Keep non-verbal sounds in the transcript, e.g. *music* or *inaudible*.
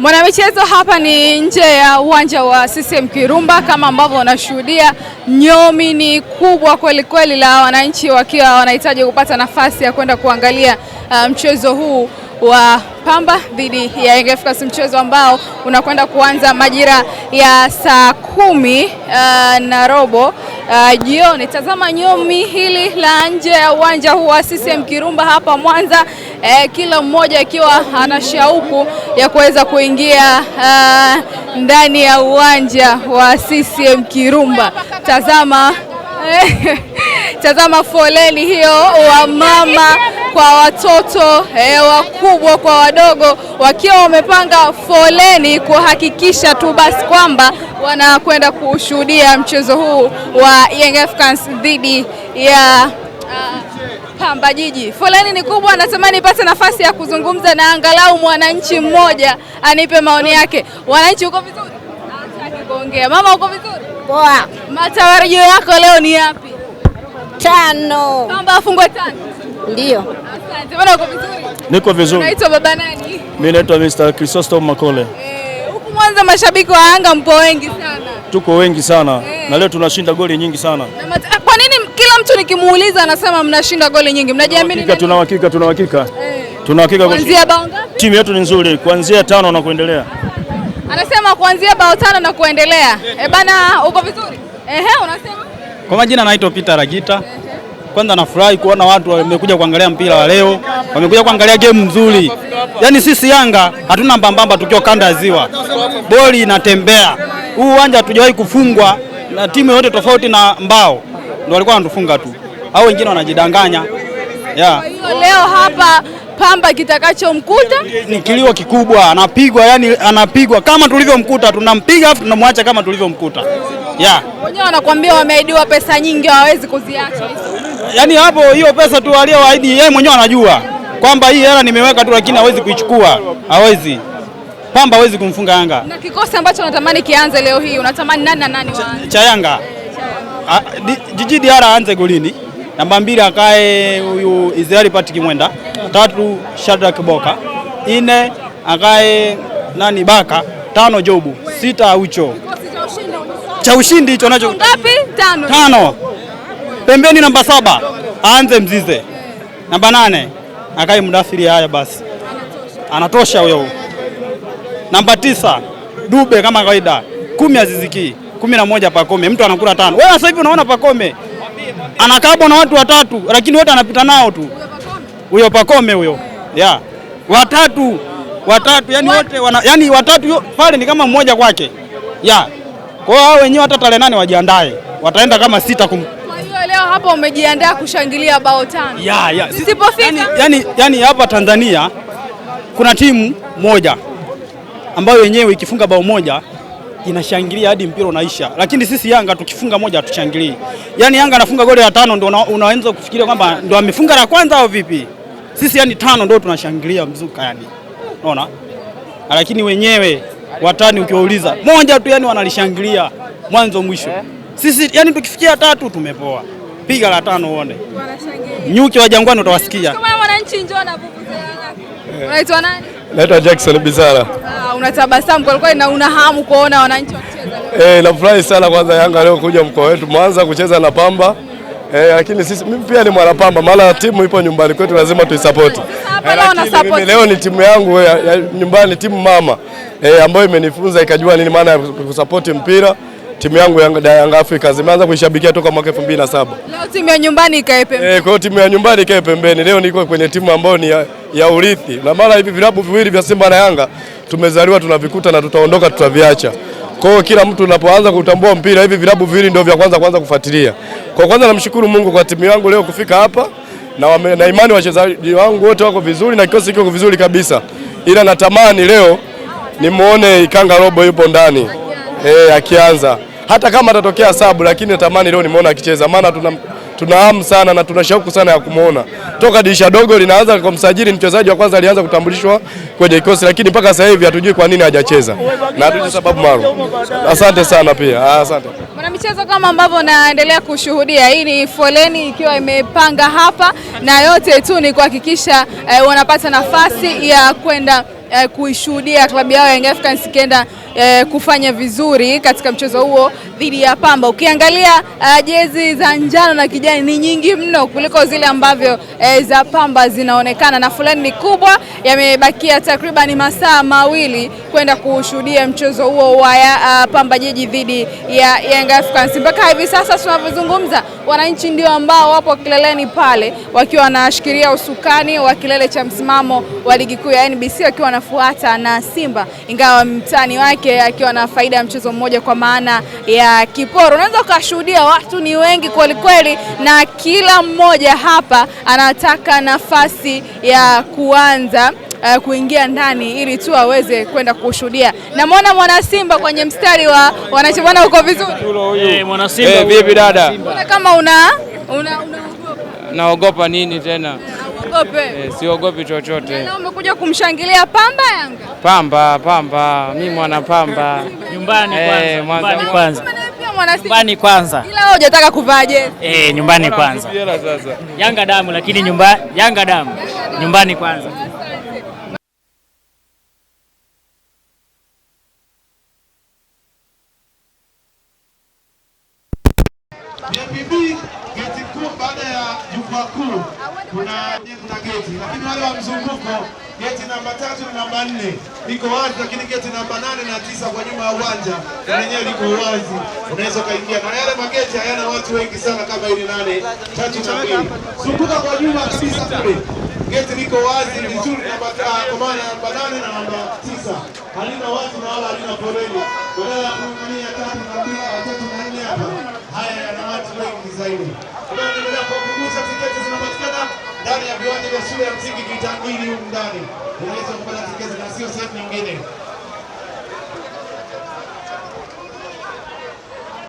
Mwanamichezo, hapa ni nje ya uwanja wa CCM Kirumba, kama ambavyo unashuhudia, nyomi ni kubwa kweli kweli, la wananchi wakiwa wanahitaji kupata nafasi ya kwenda kuangalia uh, mchezo huu wa Pamba dhidi ya Young Africans, mchezo ambao unakwenda kuanza majira ya saa kumi uh, na robo uh, jioni. Tazama nyomi hili la nje ya uwanja huu wa CCM Kirumba hapa Mwanza, uh, kila mmoja akiwa ana shauku ya kuweza kuingia uh, ndani ya uwanja wa CCM Kirumba. Tazama eh, *laughs* tazama foleni hiyo, wa mama kwa watoto eh, wakubwa kwa wadogo, wakiwa wamepanga foleni kuhakikisha tu basi kwamba wanakwenda kushuhudia mchezo huu wa Young Africans dhidi ya uh, Pamba Jiji. Foleni ni kubwa, anasema nipate nafasi ya kuzungumza na angalau mwananchi mmoja anipe maoni yake. Wananchi, uko vizuri? Hataki kuongea. Mama, uko vizuri? Poa. Matarajio yako leo ni yapi? Tano. Pamba afungwe tano. Ndio. Asante. Mbona uko vizuri? Niko vizuri. Unaitwa baba nani? Mimi naitwa Mr. Chrysostom Makole. Eh kwanza mashabiki wa Yanga mpo wengi sana. Tuko wengi sana hey. Eh. Na leo tunashinda goli nyingi sana. Ah, kwa nini kila mtu nikimuuliza anasema mnashinda goli nyingi? Mnajiamini? Tuna hakika, tuna hakika. Eh. Tuna hakika. Kuanzia bao ngapi? Timu yetu ni nzuri kuanzia tano na kuendelea. Anasema kuanzia bao tano na kuendelea. Eh, bana uko vizuri? Ehe, unasema? Kwa majina naitwa Peter Ragita. Hey. Eh kwanza nafurahi kuona watu wamekuja kuangalia mpira wa leo, wamekuja kuangalia game nzuri. Yaani sisi Yanga hatuna mbambamba tukiwa kanda ya Ziwa, boli inatembea. Huu uwanja hatujawahi kufungwa na timu yoyote tofauti na Mbao, ndio walikuwa wanatufunga tu, au wengine wanajidanganya yeah. Leo hapa Pamba kitakachomkuta ni kilio kikubwa, anapigwa yani, anapigwa kama tulivyomkuta, tunampiga tunamwacha kama tulivyomkuta. Yeah. Wenyewe wanakuambia wameahidiwa pesa nyingi hawawezi kuziacha hizo yani hapo hiyo pesa tu aliyowaahidi yeye mwenyewe anajua kwamba hii hela nimeweka tu, lakini hawezi kuichukua, hawezi Pamba hawezi kumfunga Yanga. Na kikosi ambacho unatamani kianze leo hii, unatamani nani na nani wa Cha Yanga. Jiji Diara aanze golini. Namba mbili akae huyu Israel Patrick Mwenda. Tatu Shadrack Boka. Nne akae nani Baka. Tano Jobu. Sita Ucho. Cha ushindi hicho nacho. Ngapi? Tano. Tano pembeni namba saba aanze Mzize, namba nane akae Mudafiri. Haya basi, anatosha huyo. Namba tisa Dube kama kawaida, kumi Aziziki, kumi na moja Pakome. Mtu anakula tano. Wewe sasa hivi unaona Pakome anakabwa na watu watatu, lakini wote anapita nao tu. Huyo Pakome huyo yeah. watatu watatu yani wote wana, yani watatu pale ni kama mmoja kwake yeah. Kwa hiyo hao wenyewe hata tarehe nane wajiandae, wataenda kama sita kum leo hapa umejiandaa kushangilia bao tano. Ya, ya. Sisipofika. Yani, yani, yani hapa Tanzania kuna timu moja ambayo yenyewe ikifunga bao moja inashangilia hadi mpira unaisha, lakini sisi Yanga tukifunga moja hatushangilii. Yani Yanga anafunga goli la tano, ndio unaanza kufikiria kwamba ndio amefunga la kwanza au vipi? Sisi yani tano ndio tunashangilia mzuka, yani unaona, lakini wenyewe watani ukiwauliza moja tu, yani wanalishangilia mwanzo mwisho. Sisi yani tukifikia tatu tumepoa piga la tano uone. Nyuki wa jangwani utawasikia. Kama wananchi njoo na vuvuzela. Unaitwa nani? Naitwa Jackson Bizara. Ah, unatabasamu kwa kweli na una hamu kuona wananchi wakicheza. Eh, nafurahi sana kwanza Yanga leo kuja mkoa wetu Mwanza kucheza na Pamba. Eh, lakini sisi mimi pia ni mwana Pamba maana timu ipo nyumbani kwetu lazima tuisapoti. Eh, mimi leo ni timu yangu eh, ya, ya nyumbani timu mama eh, ambayo imenifunza ikajua nini maana ya kusupport mpira timu yangu ya Young Africans nimeanza kuishabikia toka mwaka 2007. Leo timu ya nyumbani ikae pembeni. Eh, kwa timu ya nyumbani ikae pembeni. Leo niko kwenye timu ambayo ni ya, ya urithi. Na mara hivi vilabu viwili vya Simba na Yanga tumezaliwa tunavikuta na tutaondoka tutaviacha. Kwa hiyo kila mtu unapoanza kutambua mpira hivi vilabu viwili ndio vya kwanza kwanza kufuatilia. Kwa kwanza namshukuru Mungu kwa timu yangu leo kufika hapa na, wame, na imani wachezaji wangu wote wako vizuri na kikosi kiko vizuri kabisa. Ila natamani leo nimuone Ikanga Robo yupo ndani. Eh, akianza hata kama atatokea sabu, lakini natamani leo nimeona akicheza, maana tuna tuna sana na tuna shauku sana ya kumuona toka dirisha dogo linaanza kwa msajili. Mchezaji wa kwanza alianza kutambulishwa kwenye kikosi, lakini mpaka sasa hivi hatujui kwa nini hajacheza na hatujui sababu maru Asante sana pia, ah, asante michezo. Kama ambavyo naendelea kushuhudia, hii ni foleni ikiwa imepanga hapa, na yote tu ni kuhakikisha eh, wanapata nafasi ya kwenda eh, kuishuhudia klabu yao Young Africans ikienda eh, kufanya vizuri katika mchezo huo dhidi ya Pamba. Ukiangalia uh, jezi za njano na kijani ni nyingi mno kuliko zile ambavyo eh, za Pamba zinaonekana, na fulani ni kubwa. Yamebakia takriban masaa mawili kwenda kushuhudia mchezo huo wa uh, Pamba Jiji dhidi ya Young Africans. Mpaka hivi sasa tunavyozungumza, wananchi ndio ambao wapo kileleni pale wakiwa wanashikilia usukani wa kilele cha msimamo wa ligi kuu ya NBC wakiwa wanafuata na Simba, ingawa mtani wake yake akiwa na faida ya mchezo mmoja kwa maana ya kiporo. Unaweza ukashuhudia watu ni wengi kwelikweli kweli, na kila mmoja hapa anataka nafasi ya kuanza Uh, kuingia ndani ili tu aweze kwenda kushuhudia. Namwona mwana Simba kwenye mstari wa wanachobana, uko vizuri hey, eh, mwana Simba eh, vipi? dada, kama una, una, unaogopa naogopa nini tena? usiogope. Eh, siogopi chochote. Na umekuja kumshangilia Pamba Yanga? Pamba Pamba, mimi mwana Pamba. Nyumbani eh, kwanza. Kwanza. Nyumbani kwanza. Ila wewe hujataka kuvaa jezi. Eh, nyumbani kwanza. Yanga damu lakini nyumba Yanga damu. Nyumbani kwanza. Baada ya jukwaa kuu kuna geti, lakini wale wa mzunguko geti namba tatu na namba nne iko wazi, lakini geti namba nane na tisa kwa nyuma ya uwanja lenyewe liko wazi, unaweza ukaingia. Na yale mageti hayana watu wengi sana kama ile nane tatu na mbili. Zunguka kwa nyuma kabisa kule geti liko wazi vizuri, ah, kwa maana namba nane na namba tisa halina watu na wala halina foleni, badala ya kuangalia tatu na mbili ah, tatu na nne hapa, haya yana watu wengi zaidi. Endelea kupunguza tiketi zina ndani ya viwanja vya shule ya msingi Kitangili huko ndani, unaweza kupata tiketi na sio sehemu nyingine.